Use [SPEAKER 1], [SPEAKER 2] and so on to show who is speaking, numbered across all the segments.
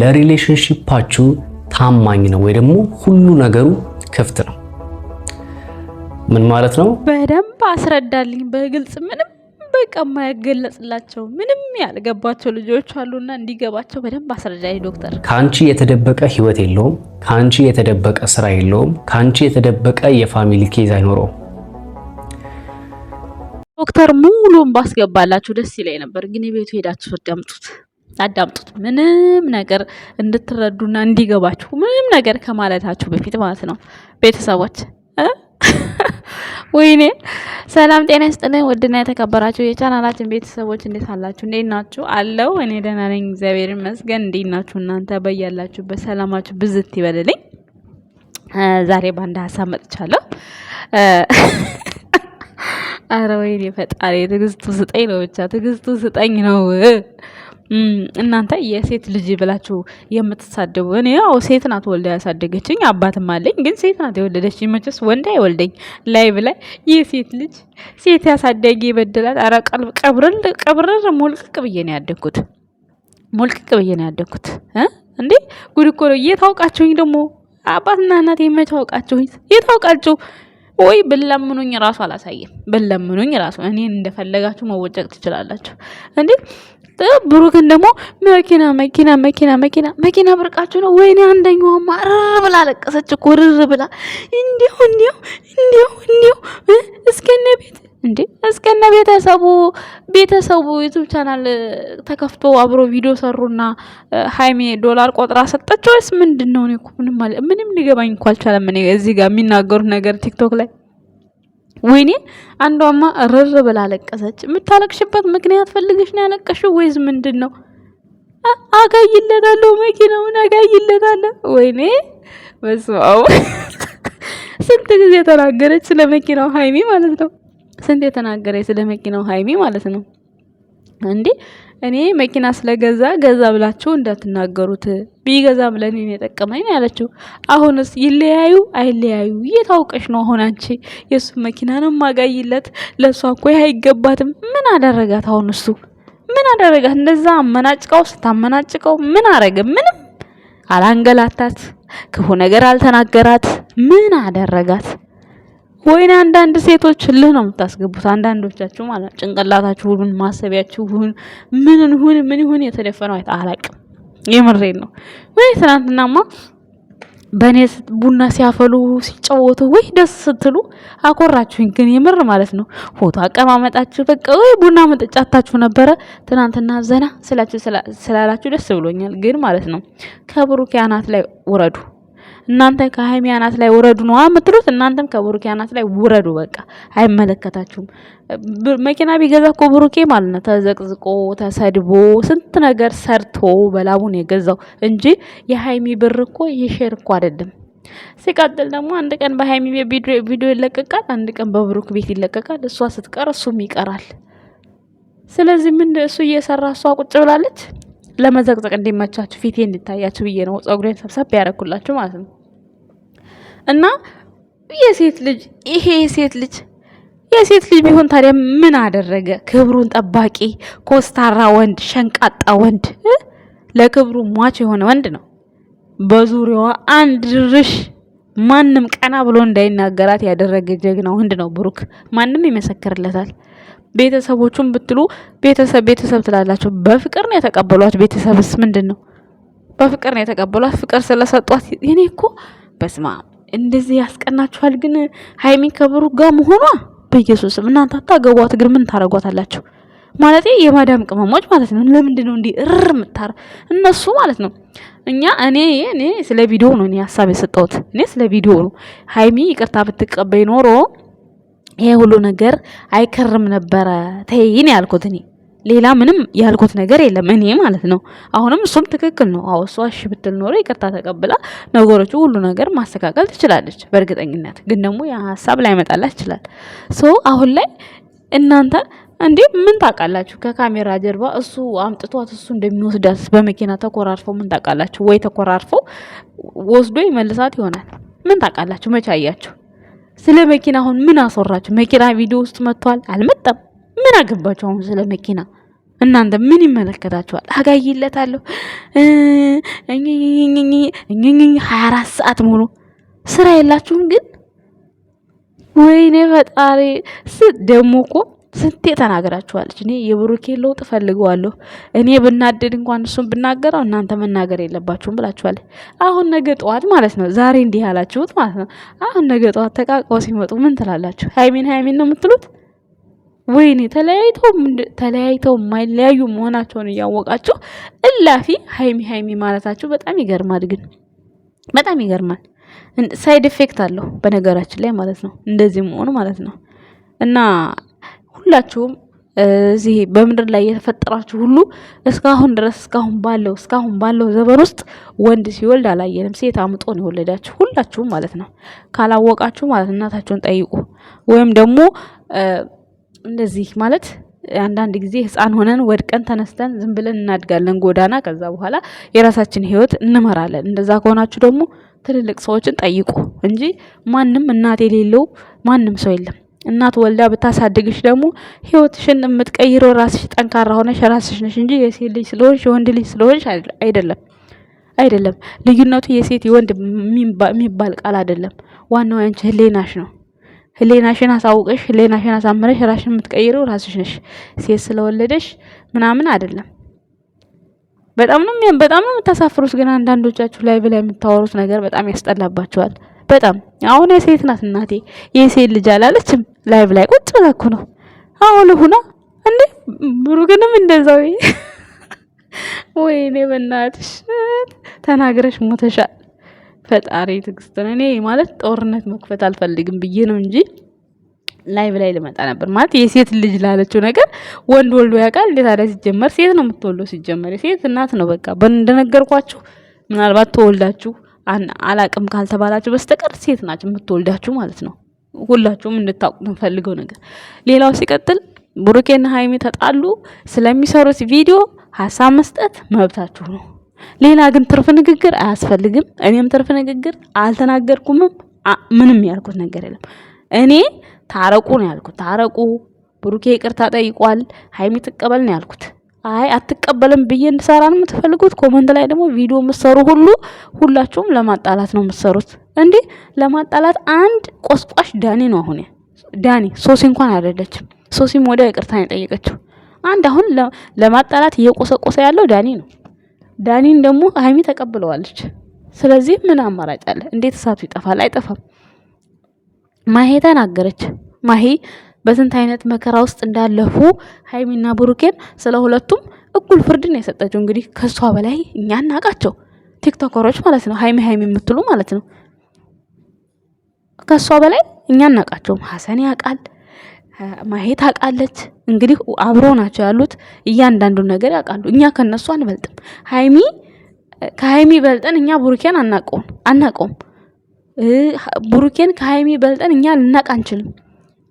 [SPEAKER 1] ለሪሌሽንሺፓችሁ ታማኝ ነው ወይ ደግሞ ሁሉ ነገሩ ክፍት ነው። ምን ማለት ነው?
[SPEAKER 2] በደንብ አስረዳልኝ በግልጽ ምንም በቃ የማይገለጽላቸው ምንም ያልገባቸው ልጆች አሉና እንዲገባቸው በደንብ አስረዳልኝ ዶክተር።
[SPEAKER 1] ከአንቺ የተደበቀ ህይወት የለውም። ከአንቺ የተደበቀ ስራ የለውም። ከአንቺ የተደበቀ የፋሚሊ ኬዝ አይኖረውም።
[SPEAKER 2] ዶክተር ሙሉን ባስገባላችሁ ደስ ይለኝ ነበር፣ ግን የቤቱ ሄዳችሁ አዳምጡት። አዳምጡት። ምንም ነገር እንድትረዱና እንዲገባችሁ ምንም ነገር ከማለታችሁ በፊት ማለት ነው ቤተሰቦች ወይኔ ሰላም ጤና ይስጥልኝ። ውድና የተከበራችሁ የቻናላችን ቤተሰቦች እንዴት አላችሁ? እንዴት ናችሁ? አለው እኔ ደህና ነኝ፣ እግዚአብሔር ይመስገን። እንዴት ናችሁ እናንተ? በያላችሁበት ሰላማችሁ ብዝት ይበልልኝ። ዛሬ በአንድ ሀሳብ መጥቻለሁ። አረ ወይኔ ፈጣሪ ትዕግስቱ ስጠኝ ነው፣ ብቻ ትዕግስቱ ስጠኝ ነው። እናንተ የሴት ልጅ ብላችሁ የምትሳደቡ እኔ ያው ሴት ናት ወልዳ ያሳደገችኝ፣ አባትም አለኝ፣ ግን ሴት ናት የወለደች። መቼስ ወንድ አይወልደኝ። ላይ ብላይ የሴት ልጅ ሴት ያሳዳጊ ይበድላል። ቀልብ ቀብርል ቀብርር ሞልቅቅ ብዬ ነው ያደግኩት፣ ሞልቅቅ ብዬ ነው ያደግኩት። እንዴ ጉድ እኮ ነው። የታውቃችሁኝ ደግሞ አባትና እናት መቼ የታውቃችሁ ወይ ብለምኑኝ ራሱ አላሳየም። ብለምኑኝ ራሱ እኔን እንደፈለጋችሁ መወጨቅ ትችላላችሁ እንዴ። ብሩክን ደግሞ መኪና መኪና መኪና መኪና መኪና ብርቃችሁ ነው። ወይኔ አንደኛውማ ርር ብላ ለቀሰች እኮ ርር ብላ እንዲሁ እንዲሁ እንዲሁ እንዲሁ እስከነ ቤት እንዴ እስከነ ቤተሰቡ ቤተሰቡ ዩቱብ ቻናል ተከፍቶ አብሮ ቪዲዮ ሰሩና ሀይሜ ዶላር ቆጥራ ሰጠችው ወይስ ምንድን ነው? እኔ እኮ ምንም ማለት ምንም ሊገባኝ እኮ አልቻለም። እኔ እዚህ ጋር የሚናገሩት ነገር ቲክቶክ ላይ ወይኔ አንዷማ ርር ብላ አለቀሰች። የምታለቅሽበት ምክንያት ፈልገሽ ነው ያለቀሽው ወይስ ምንድን ነው? አጋይለናለሁ መኪናውን አጋይለናለ። ወይኔ በስመ አብ ስንት ጊዜ ተናገረች ስለመኪናው ሀይሜ ማለት ነው። ስንት የተናገረ ስለ መኪናው ሀይሚ ማለት ነው። እንዴ እኔ መኪና ስለገዛ ገዛ ብላችሁ እንዳትናገሩት ብለን ኔ የጠቀመኝ ያለችው። አሁንስ ይለያዩ አይለያዩ እየታወቀሽ ነው። አሁን አንቺ የእሱ መኪና ነው ማጋይለት። ለእሷ እኮ አይገባትም። ምን አደረጋት? አሁን እሱ ምን አደረጋት? እንደዛ አመናጭቀው ስታመናጭቀው ምን አረገ? ምንም አላንገላታት፣ ክፉ ነገር አልተናገራት። ምን አደረጋት? ወይን አንዳንድ ሴቶች ልህ ነው የምታስገቡት። አንዳንዶቻችሁ ማለት ጭንቅላታችሁ ሁሉን ማሰቢያችሁ ሁሉን ምን ሁን ምን ሁን የተደፈነው አይታ አላቅም። የምሬን ነው ወይ ትናንትናማ በእኔ ቡና ሲያፈሉ ሲጫወቱ ወይ ደስ ስትሉ አኮራችሁኝ። ግን የምር ማለት ነው ፎቶ አቀማመጣችሁ በቃ ወይ ቡና መጠጫታችሁ ነበረ። ትናንትና ዘና ስላችሁ ስላላችሁ ደስ ብሎኛል። ግን ማለት ነው ከብሩክ አናት ላይ ውረዱ። እናንተ ከሀይሚ አናት ላይ ውረዱ ነው የምትሉት። እናንተም ከብሩኬ አናት ላይ ውረዱ። በቃ አይመለከታችሁም። መኪና ቢገዛ እኮ ብሩኬ ማለት ነው ተዘቅዝቆ ተሰድቦ ስንት ነገር ሰርቶ በላቡን የገዛው እንጂ የሀይሚ ብር እኮ የሼር እኮ አይደለም። ሲቀጥል ደግሞ አንድ ቀን በሀይሚ ቪዲዮ ይለቀቃል፣ አንድ ቀን በብሩክ ቤት ይለቀቃል። እሷ ስትቀር እሱም ይቀራል። ስለዚህ ምን እሱ እየሰራ እሷ ቁጭ ብላለች። ለመዘቅዘቅ እንዲመቻችሁ ፊቴ እንዲታያችሁ ብዬ ነው ጸጉሬን ሰብሰብ ያደረኩላችሁ ማለት ነው። እና የሴት ልጅ ይሄ የሴት ልጅ የሴት ልጅ ቢሆን ታዲያ ምን አደረገ? ክብሩን ጠባቂ ኮስታራ ወንድ፣ ሸንቃጣ ወንድ፣ ለክብሩ ሟች የሆነ ወንድ ነው። በዙሪያዋ አንድ ድርሽ ማንም ቀና ብሎ እንዳይናገራት ያደረገ ጀግና ወንድ ነው ብሩክ። ማንም ይመሰክርለታል። ቤተሰቦቹን ብትሉ ቤተሰብ ቤተሰብ ትላላቸው። በፍቅር ነው የተቀበሏት። ቤተሰብስ ምንድን ነው? በፍቅር ነው የተቀበሏት። ፍቅር ስለሰጧት እኔ እኮ በስማ እንደዚህ ያስቀናችኋል። ግን ሀይሚ ከብሩ ጋር መሆኗ በኢየሱስም እናንተ አታገቧት፣ ግን ምን ታረጓታላችሁ? ማለት የማዳም ቅመሞች ማለት ነው። ለምንድን ነው እንዲህ እር ምታር እነሱ ማለት ነው። እኛ እኔ እኔ ስለ ቪዲዮ ነው እኔ ሀሳብ የሰጠሁት እኔ ስለ ቪዲዮ ነው። ሀይሚ ይቅርታ ብትቀበይ ኖሮ ይሄ ሁሉ ነገር አይከርም ነበረ። ተይን ያልኩት እኔ ሌላ ምንም ያልኩት ነገር የለም እኔ ማለት ነው። አሁንም እሱም ትክክል ነው። አዎ እሷ እሺ ብትል ኖሮ ይቅርታ ተቀብላ ነገሮቹ ሁሉ ነገር ማስተካከል ትችላለች በእርግጠኝነት። ግን ደግሞ ያ ሀሳብ ላይመጣላት ይችላል። ሶ አሁን ላይ እናንተ እንዴ ምን ታውቃላችሁ? ከካሜራ ጀርባ እሱ አምጥቷት እሱ እንደሚወስዳት በመኪና ተኮራርፈው ምን ታውቃላችሁ? ወይ ተኮራርፈው ወስዶ ይመልሳት ይሆናል። ምን ታውቃላችሁ? መቼ አያችሁ? ስለ መኪና አሁን ምን አስወራችሁ? መኪና ቪዲዮ ውስጥ መጥቷል አልመጣም? ምን አገባችሁ አሁን ስለ መኪና? እናንተ ምን ይመለከታችኋል? አጋይለታለሁ ሀያ አራት ሰዓት ሙሉ ስራ የላችሁም ግን ወይኔ ፈጣሪ ደግሞ እኮ ስንቴ ተናገራችኋለች። እኔ የብሩኬ ለውጥ ፈልገዋለሁ። እኔ ብናደድ እንኳን እሱን ብናገረው እናንተ መናገር የለባችሁም ብላችኋለች። አሁን ነገ ጠዋት ማለት ነው፣ ዛሬ እንዲህ ያላችሁት ማለት ነው። አሁን ነገ ጠዋት ተቃቀው ሲመጡ ምን ትላላችሁ? ሀይሚን ሀይሚን ነው የምትሉት? ወይኔ ተለያይተው ተለያይተው የማይለያዩ መሆናቸውን እያወቃችሁ እላፊ ሀይሚ ሀይሚ ማለታቸው በጣም ይገርማል። ግን በጣም ይገርማል። ሳይድ ኢፌክት አለው በነገራችን ላይ ማለት ነው፣ እንደዚህ መሆኑ ማለት ነው። እና ሁላችሁም እዚህ በምድር ላይ የተፈጠራችሁ ሁሉ እስካሁን ድረስ እስካሁን ባለው እስካሁን ባለው ዘመን ውስጥ ወንድ ሲወልድ አላየንም። ሴት አምጦ ነው የወለዳችሁ ሁላችሁም ማለት ነው። ካላወቃችሁ ማለት እናታችሁን ጠይቁ ወይም ደግሞ እንደዚህ ማለት አንዳንድ ጊዜ ህፃን ሆነን ወድቀን ተነስተን ዝም ብለን እናድጋለን ጎዳና። ከዛ በኋላ የራሳችን ህይወት እንመራለን። እንደዛ ከሆናችሁ ደግሞ ትልልቅ ሰዎችን ጠይቁ እንጂ ማንም እናት የሌለው ማንም ሰው የለም። እናት ወልዳ ብታሳድግሽ ደግሞ ህይወትሽን የምትቀይረው ራስሽ ጠንካራ ሆነሽ ራስሽ ነሽ እንጂ የሴት ልጅ ስለሆንሽ የወንድ ልጅ ስለሆንሽ አይደለም አይደለም። ልዩነቱ የሴት የወንድ የሚባል ቃል አይደለም። ዋናው ያንቺ ህሌናሽ ነው። ህሌናሽን አሳውቀሽ ህሌናሽን አሳምረሽ ራሽን የምትቀይረው ራስሽ ነሽ። ሴት ስለወለደሽ ምናምን አይደለም። በጣም ነው በጣም ነው የምታሳፍሩት። ግን አንዳንዶቻችሁ ላይ ብላ የምታወሩት ነገር በጣም ያስጠላባችኋል። በጣም አሁን የሴት ናት እናቴ የሴት ልጅ አላለችም። ላይ ብላይ ቁጭ ብላ እኮ ነው አሁን ሁና እንዴ ብሩክንም እንደዛው ወይኔ በእናትሽ ተናግረሽ ሞተሻል። ፈጣሪ ነው። እኔ ማለት ጦርነት መክፈት አልፈልግም ብዬ ነው እንጂ ላይቭ ላይ ልመጣ ነበር። ማለት የሴት ልጅ ላለችው ነገር ወንድ ወልዶ ያውቃል? እንዴት ታዲያ? ሲጀመር ሴት ነው የምትወልደው። ሲጀመር የሴት እናት ነው። በቃ እንደነገርኳችሁ ምናልባት ተወልዳችሁ አላቅም ካልተባላችሁ በስተቀር ሴት ናችሁ የምትወልዳችሁ ማለት ነው። ሁላችሁም እንድታውቁ የምፈልገው ነገር። ሌላው ሲቀጥል ብሩኬና ሀይሜ ተጣሉ ስለሚሰሩት ቪዲዮ ሀሳብ መስጠት መብታችሁ ነው። ሌላ ግን ትርፍ ንግግር አያስፈልግም። እኔም ትርፍ ንግግር አልተናገርኩምም። ምንም ያልኩት ነገር የለም። እኔ ታረቁ ነው ያልኩት። ታረቁ ብሩኬ ይቅርታ ጠይቋል፣ ሀይሚ ትቀበል ነው ያልኩት። አይ አትቀበልም ብዬ ነው የምትፈልጉት ኮመንት ላይ ደግሞ ቪዲዮ የምትሰሩ ሁሉ ሁላችሁም ለማጣላት ነው የምትሰሩት። እንዴ ለማጣላት አንድ ቆስቋሽ ዳኒ ነው። አሁን ዳኒ ሶሲ እንኳን አይደለችም። ሶሲም ወዲያው ይቅርታ ነው የጠየቀችው። አንድ አሁን ለማጣላት እየቆሰቆሰ ያለው ዳኒ ነው። ዳኒን ደግሞ ሀይሚ ተቀብለዋለች። ስለዚህ ምን አማራጭ አለ? እንዴት እሳቱ ይጠፋል? አይጠፋም። ማሄ ተናገረች። ማሄ በስንት አይነት መከራ ውስጥ እንዳለፉ ሀይሚና ብሩኬን ስለ ሁለቱም እኩል ፍርድን የሰጠችው እንግዲህ ከእሷ በላይ እኛ እናቃቸው ቲክቶከሮች ማለት ነው። ሀይሚ ሀይሚ የምትሉ ማለት ነው። ከእሷ በላይ እኛ እናቃቸውም። ሀሰን ያውቃል። ማሄት አውቃለች። እንግዲህ አብረው ናቸው ያሉት እያንዳንዱ ነገር ያውቃሉ። እኛ ከነሱ አንበልጥም። ሀይሚ ከሀይሚ በልጠን እኛ ቡሩኬን አናቀውም አናቀውም። ቡሩኬን ከሀይሚ በልጠን እኛ ልናቅ አንችልም።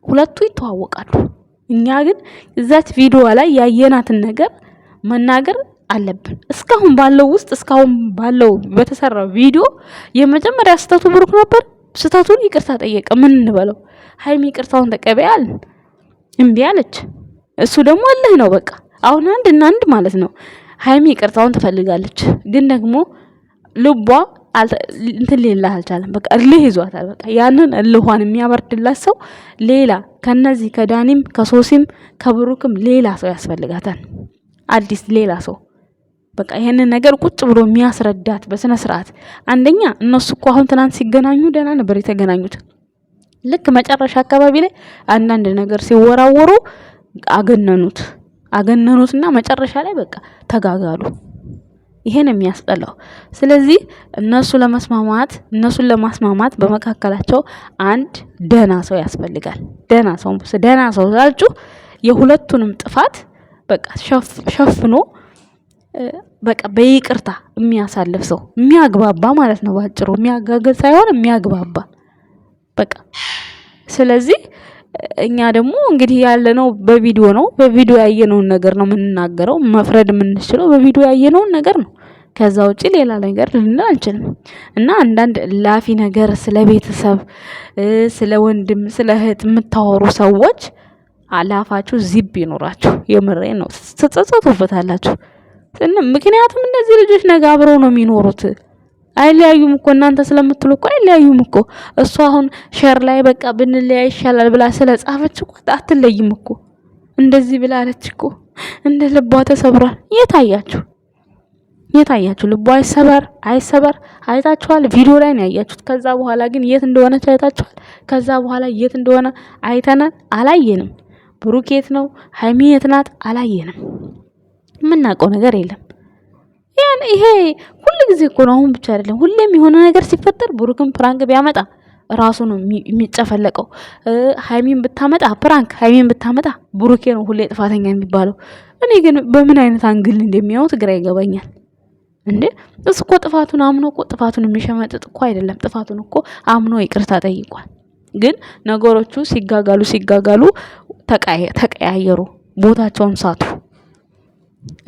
[SPEAKER 2] ሁለቱ ይተዋወቃሉ። እኛ ግን እዛች ቪዲዮ ላይ ያየናትን ነገር መናገር አለብን። እስካሁን ባለው ውስጥ እስካሁን ባለው በተሰራው ቪዲዮ የመጀመሪያ ስህተቱ ብሩክ ነበር። ስህተቱን ይቅርታ ጠየቀ። ምን እንበለው? ሀይሚ ይቅርታውን ተቀበያል። እምቢ አለች። እሱ ደግሞ እልህ ነው በቃ አሁን አንድ እና አንድ ማለት ነው። ሀይሚ ይቅርታውን ትፈልጋለች፣ ግን ደግሞ ልቧ እንትን ሌላ አልቻለም። በቃ እልህ ይዟታል። በቃ ያንን እልኋን የሚያበርድላት ሰው ሌላ ከነዚህ ከዳኒም ከሶሲም ከብሩክም ሌላ ሰው ያስፈልጋታል። አዲስ ሌላ ሰው በቃ ይሄንን ነገር ቁጭ ብሎ የሚያስረዳት በስነ ስርዓት። አንደኛ እነሱ እኮ አሁን ትናንት ሲገናኙ ደህና ነበር የተገናኙት። ልክ መጨረሻ አካባቢ ላይ አንዳንድ ነገር ሲወራወሩ አገነኑት አገነኑትና መጨረሻ ላይ በቃ ተጋጋሉ። ይሄን የሚያስጠላው። ስለዚህ እነሱ ለመስማማት እነሱን ለማስማማት በመካከላቸው አንድ ደህና ሰው ያስፈልጋል። ደህና ሰው ደህና ሰው ስላችሁ የሁለቱንም ጥፋት በቃ ሸፍኖ በቃ በይቅርታ የሚያሳልፍ ሰው የሚያግባባ ማለት ነው። ባጭሩ የሚያጋገል ሳይሆን የሚያግባባ በቃ ስለዚህ እኛ ደግሞ እንግዲህ ያለነው በቪዲዮ ነው። በቪዲዮ ያየነውን ነገር ነው የምንናገረው። መፍረድ የምንችለው በቪዲዮ ያየነውን ነገር ነው። ከዛ ውጭ ሌላ ነገር ልንል አንችልም። እና አንዳንድ ላፊ ነገር ስለ ቤተሰብ፣ ስለ ወንድም፣ ስለ እህት የምታወሩ ሰዎች አላፋችሁ ዚብ ይኖራችሁ። የምሬ ነው። ትጸጸቱበታላችሁ። ምክንያቱም እነዚህ ልጆች ነገ አብረው ነው የሚኖሩት። አይለያዩም እኮ እናንተ ስለምትሉ እኮ አይለያዩም እኮ። እሱ አሁን ሸር ላይ በቃ ብንለያይ ይሻላል ብላ ስለ ጻፈች እኮ አትለይም እኮ። እንደዚህ ብላ አለች እኮ። እንደ ልቧ ተሰብሯል። የታያችሁ የታያችሁ ልቧ አይሰበር አይሰበር አይታችኋል። ቪዲዮ ላይ ነው ያያችሁት። ከዛ በኋላ ግን የት እንደሆነች አይታችኋል። ከዛ በኋላ የት እንደሆነ አይተናል። አላየንም። ብሩኬት ነው የት ናት። አላየንም። የምናውቀው ነገር የለም። ያን ይሄ ሁሉ ጊዜ እኮ ነው። አሁን ብቻ አይደለም፣ ሁሌም የሆነ ነገር ሲፈጠር ብሩክን ፕራንክ ቢያመጣ ራሱ ነው የሚጨፈለቀው። ሀይሚን ብታመጣ ፕራንክ፣ ሀይሚን ብታመጣ ብሩኬ ነው ሁሌ ጥፋተኛ የሚባለው። እኔ ግን በምን አይነት አንግል እንደሚያዩት ግራ ይገባኛል። እንዴ እሱ እኮ ጥፋቱን አምኖ እኮ ጥፋቱን የሚሸመጥጥ እኮ አይደለም። ጥፋቱን እኮ አምኖ ይቅርታ ጠይቋል። ግን ነገሮቹ ሲጋጋሉ ሲጋጋሉ ተቀያየሩ፣ ቦታቸውን ሳቱ።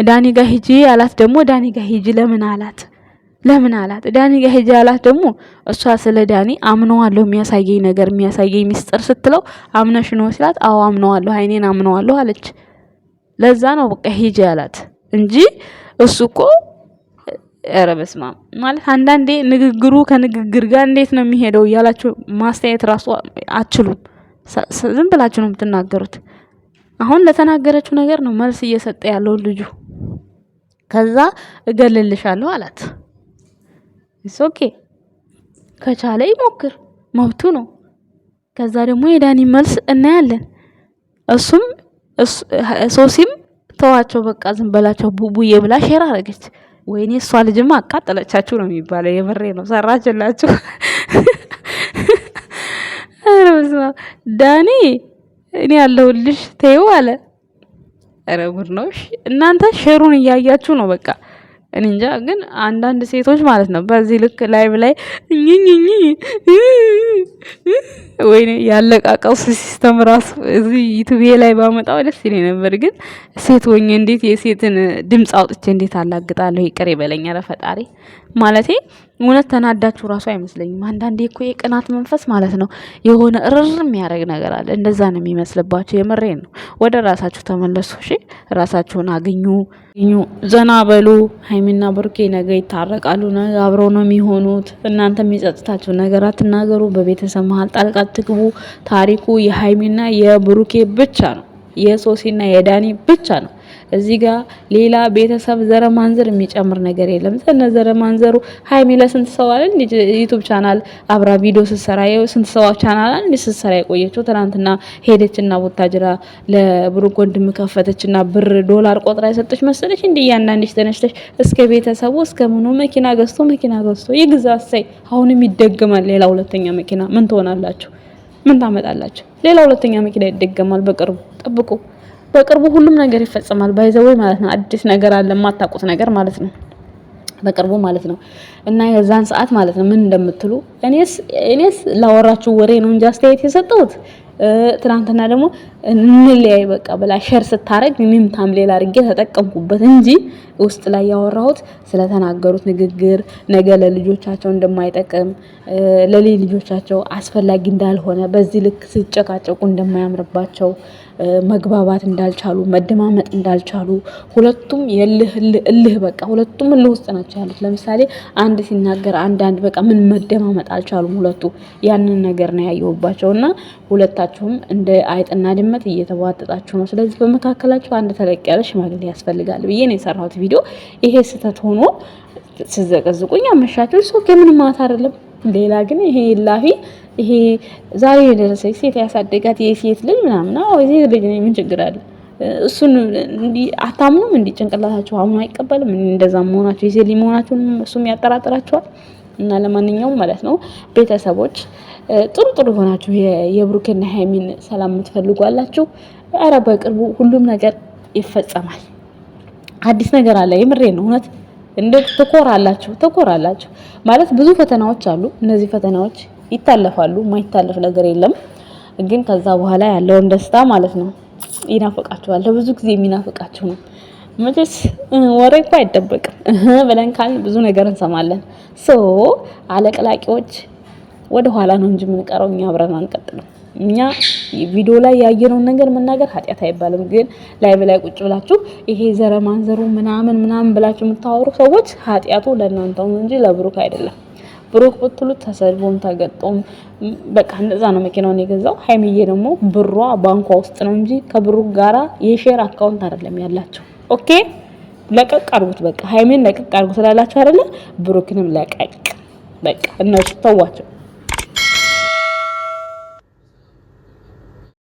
[SPEAKER 2] ዳኒ ጋ ሂጂ አላት። ደግሞ ዳኒ ጋ ሂጂ ለምን አላት? ለምን አላት? ዳኒ ጋ ሂጂ አላት። ደግሞ እሷ ስለ ዳኒ አምነዋለሁ የሚያሳየኝ ነገር የሚያሳየኝ ሚስጥር ስትለው አምነሽ ነው ሲላት፣ አዎ አምነዋለሁ፣ አይኔን አምነዋለሁ አለች። ለዛ ነው በቃ ሂጂ አላት እንጂ እሱ እኮ ኧረ በስመ አብ ማለት አንዳንዴ ንግግሩ ከንግግር ጋር እንዴት ነው የሚሄደው እያላችሁ ማስተያየት ራሱ አትችሉም። ዝም ብላችሁ ነው የምትናገሩት። አሁን ለተናገረችው ነገር ነው መልስ እየሰጠ ያለው ልጁ። ከዛ እገልልሻለሁ አላት። ኦኬ ከቻለ ይሞክር መብቱ ነው። ከዛ ደግሞ የዳኒ መልስ እናያለን። እሱም ሶሲም ተዋቸው በቃ ዝም በላቸው ቡቡዬ ብላ ሼር አረገች። ወይኔ እሷ ልጅማ አቃጠለቻችሁ ነው የሚባለው። የበሬ ነው ሰራችላችሁ። ዳኒ እኔ ያለሁልሽ ተይው አለ። ኧረ ጉድ ነው። እሺ እናንተ ሸሩን እያያችሁ ነው በቃ እኔ እንጃ ግን አንዳንድ ሴቶች ማለት ነው በዚህ ልክ ላይቭ ላይ እኝኝኝ ወይ ያለቃቀሱ ሲስተም ራሱ እዚህ ዩቱቤ ላይ ባመጣው ደስ ይለኝ ነበር። ግን ሴት ወኝ እንዴት የሴትን ድምፅ አውጥቼ እንዴት አላግጣለሁ? ይቅር ይበለኝ ኧረ ፈጣሪ ማለቴ እውነት ተናዳችሁ ራሱ አይመስለኝም። አንዳንዴ እኮ የቅናት መንፈስ ማለት ነው የሆነ እርር የሚያደርግ ነገር አለ። እንደዛ ነው የሚመስልባቸው። የምሬ ነው። ወደ ራሳችሁ ተመለሱ። እሺ ራሳችሁን አግኙ፣ ዘና በሉ። ሀይሚና ብሩኬ ነገ ይታረቃሉ። ነገ አብረው ነው የሚሆኑት። እናንተ የሚጸጥታችሁ ነገር አትናገሩ። በቤተሰብ መሀል ጣልቃ ትግቡ። ታሪኩ የሀይሚና የብሩኬ ብቻ ነው፣ የሶሲና የዳኒ ብቻ ነው። እዚህ ጋር ሌላ ቤተሰብ ዘረ ማንዘር የሚጨምር ነገር የለም። ዘነ ዘረ ማንዘሩ ሀይሚ ለስንት ሰው አለ እንዲ ዩቱብ ቻናል አብራ ቪዲዮ ስትሰራ ስንት ሰው ቻናል አለ እንዲ ስትሰራ የቆየችው ትናንትና ሄደችና ቦታጅራ ለብሩክ ወንድም ከፈተችና ብር ዶላር ቆጥራ የሰጠች መሰለች። እንዲ እያንዳንዲች ተነሽተች እስከ ቤተሰቡ እስከ ምኑ መኪና ገዝቶ መኪና ገዝቶ ይግዛ ሳይ አሁንም ይደግማል ሌላ ሁለተኛ መኪና ምን ትሆናላችሁ? ምን ታመጣላችሁ? ሌላ ሁለተኛ መኪና ይደገማል። በቅርቡ ጠብቁ። በቅርቡ ሁሉም ነገር ይፈጸማል። ባይዘወይ ማለት ነው። አዲስ ነገር አለ የማታውቁት ነገር ማለት ነው። በቅርቡ ማለት ነው እና የዛን ሰዓት ማለት ነው ምን እንደምትሉ እኔስ እኔስ ላወራችሁ ወሬ ነው እንጂ አስተያየት የሰጠሁት ትናንትና ደግሞ እንለያይ በቃ ብላ ሸር ስታረግ ሚም ታም ሌላ አድርጌ ተጠቀምኩበት እንጂ ውስጥ ላይ ያወራሁት ስለተናገሩት ንግግር ነገ ለልጆቻቸው እንደማይጠቅም ልጆቻቸው አስፈላጊ እንዳልሆነ በዚህ ልክ ሲጨቃጨቁ እንደማያምርባቸው መግባባት እንዳልቻሉ፣ መደማመጥ እንዳልቻሉ ሁለቱም የልህ እልህ በቃ ሁለቱም እልህ ውስጥ ናቸው ያሉት። ለምሳሌ አንድ ሲናገር አንዳንድ በቃ ምን መደማመጥ አልቻሉም ሁለቱ። ያንን ነገር ነው ያየሁባቸው እና ሁለታችሁም እንደ አይጥና ድመት እየተቧጠጣችሁ ነው። ስለዚህ በመካከላችሁ አንድ ተለቅ ያለ ሽማግሌ ያስፈልጋል ብዬ ነው የሰራሁት ቪዲዮ። ይሄ ስህተት ሆኖ ስዘቀዝቁኝ አመሻችሁ። ሶ ምንም ማለት አይደለም። ሌላ ግን ይሄ ላፊ ይሄ ዛሬ የደረሰች ሴት ያሳደጋት የሴት ልጅ ምናምን፣ አዎ የሴት ልጅ ነው፣ ምን ችግር አለ? እሱን እንዲ አታምኑም? እንዲ ጭንቅላታችሁ አሁን አይቀበልም? እንደዛ መሆናችሁ የሴት ልጅ መሆናችሁን እሱም ያጠራጥራችኋል። እና ለማንኛውም ማለት ነው ቤተሰቦች ጥሩ ጥሩ ሆናችሁ የብሩክና ሀይሚን ሰላም የምትፈልጉ አላችሁ። ኧረ በቅርቡ ሁሉም ነገር ይፈጸማል። አዲስ ነገር አለ። የምሬ ነው እውነት እንዴት ትኮራላችሁ ትኮራላችሁ ማለት ብዙ ፈተናዎች አሉ። እነዚህ ፈተናዎች ይታለፋሉ። ማይታለፍ ነገር የለም። ግን ከዛ በኋላ ያለውን ደስታ ማለት ነው ይናፍቃችኋል። ለብዙ ጊዜ የሚናፍቃችሁ ነው። መቼስ ወሬ እኮ አይደበቅም ብለን ካልን ብዙ ነገር እንሰማለን። ሶ አለቅላቂዎች ወደ ኋላ ነው እንጂ የምንቀረው እኛ አብረን አንቀጥልም። እኛ ቪዲዮ ላይ ያየነውን ነገር መናገር ኃጢአት አይባልም። ግን ላይቭ ላይ ቁጭ ብላችሁ ይሄ ዘረ ማንዘሩ ምናምን ምናምን ብላችሁ የምታወሩ ሰዎች ኃጢአቱ ለእናንተው እንጂ ለብሩክ አይደለም። ብሩክ ብትሉ ተሰድቦም ተገጦም በቃ እንደዛ ነው። መኪናውን የገዛው ሀይሚዬ ደግሞ ብሯ ባንኳ ውስጥ ነው እንጂ ከብሩክ ጋራ የሼር አካውንት አይደለም ያላቸው። ኦኬ ለቀቅ አርጉት። በቃ ሀይሜን ለቀቅ አርጉ ስላላቸው አይደለ ብሩክንም ለቀቅ በቃ እነሱ ተዋቸው።